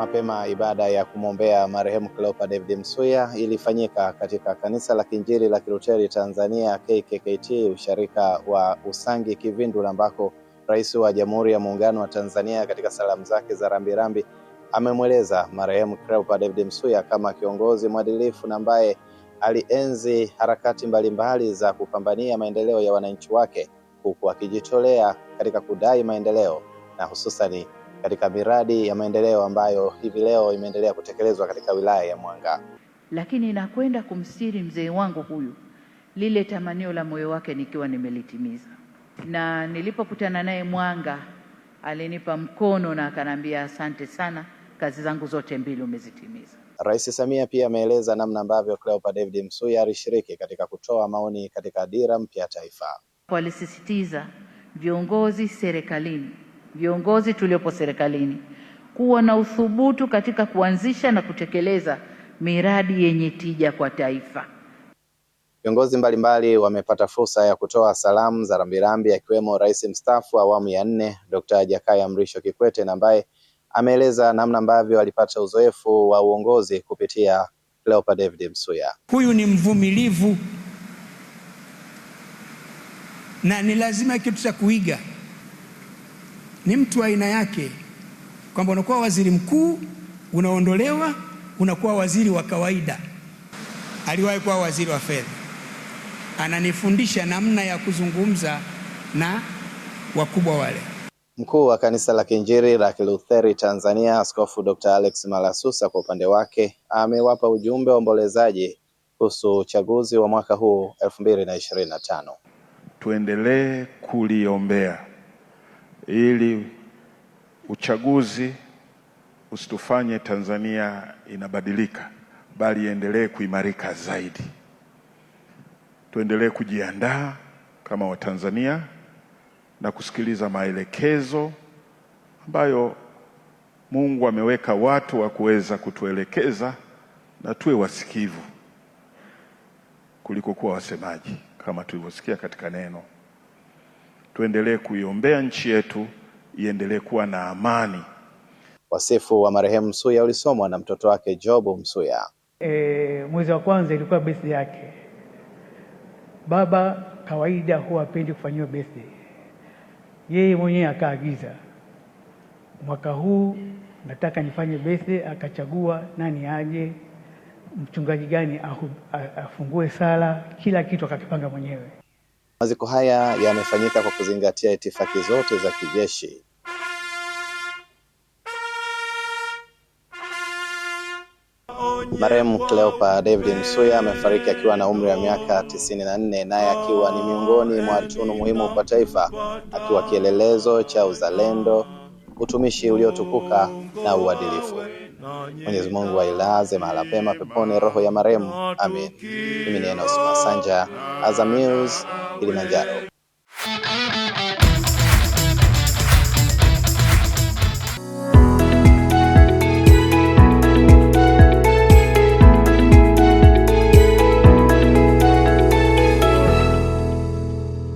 Mapema ibada ya kumwombea marehemu Cleopa David Msuya ilifanyika katika kanisa la Kiinjili la Kiluteri Tanzania KKKT usharika wa Usangi kivindu ambako Rais wa Jamhuri ya Muungano wa Tanzania katika salamu zake za rambirambi amemweleza marehemu Cleopa David Msuya kama kiongozi mwadilifu na ambaye alienzi harakati mbalimbali mbali za kupambania maendeleo ya wananchi wake huku akijitolea katika kudai maendeleo na hususani katika miradi ya maendeleo ambayo hivi leo imeendelea kutekelezwa katika wilaya ya Mwanga. Lakini nakwenda kumstiri mzee wangu huyu, lile tamanio la moyo wake nikiwa nimelitimiza. Na nilipokutana naye Mwanga, alinipa mkono na akanambia, asante sana, kazi zangu zote mbili umezitimiza. Rais Samia pia ameeleza namna ambavyo Cleopa David Msuya alishiriki katika kutoa maoni katika dira mpya ya taifa. Walisisitiza viongozi serikalini viongozi tuliopo serikalini kuwa na uthubutu katika kuanzisha na kutekeleza miradi yenye tija kwa taifa. Viongozi mbalimbali wamepata fursa ya kutoa salamu za rambirambi akiwemo Rais mstaafu awamu ya nne Dr. Jakaya Mrisho Kikwete na ambaye ameeleza namna ambavyo alipata uzoefu wa uongozi kupitia Cleopa David Msuya. Huyu ni mvumilivu na ni lazima kitu cha kuiga ni mtu aina yake, kwamba unakuwa waziri mkuu, unaondolewa, unakuwa waziri wa kawaida. Aliwahi kuwa waziri wa fedha, ananifundisha namna ya kuzungumza na wakubwa wale. Mkuu wa kanisa la Kiinjili la Kilutheri Tanzania, Askofu Dr. Alex Malasusa kwa upande wake amewapa ujumbe wa ombolezaji kuhusu uchaguzi wa mwaka huu 2025. Tuendelee kuliombea ili uchaguzi usitufanye Tanzania inabadilika, bali iendelee kuimarika zaidi. Tuendelee kujiandaa kama Watanzania na kusikiliza maelekezo ambayo Mungu ameweka watu wa kuweza kutuelekeza na tuwe wasikivu kuliko kuwa wasemaji kama tulivyosikia katika neno tuendelee kuiombea nchi yetu iendelee kuwa na amani. Wasifu wa marehemu Msuya ulisomwa na mtoto wake Jobu Msuya. E, mwezi wa kwanza ilikuwa besi yake. Baba kawaida huwa apendi kufanyiwa besi, yeye mwenyewe akaagiza mwaka huu nataka nifanye besi, Akachagua nani aje, mchungaji gani afungue sala, kila kitu akakipanga mwenyewe. Maziko haya yamefanyika kwa kuzingatia itifaki zote za kijeshi. Marehemu Cleopa David Msuya amefariki akiwa na umri wa miaka 94 naye akiwa ni miongoni mwa tunu muhimu kwa taifa, akiwa kielelezo cha uzalendo, utumishi uliotukuka na uadilifu. Mwenyezi Mungu ailaze mahala pema peponi roho ya marehemu. Amin. Mimi ni Enos Masanja, Azam News, Kilimanjaro.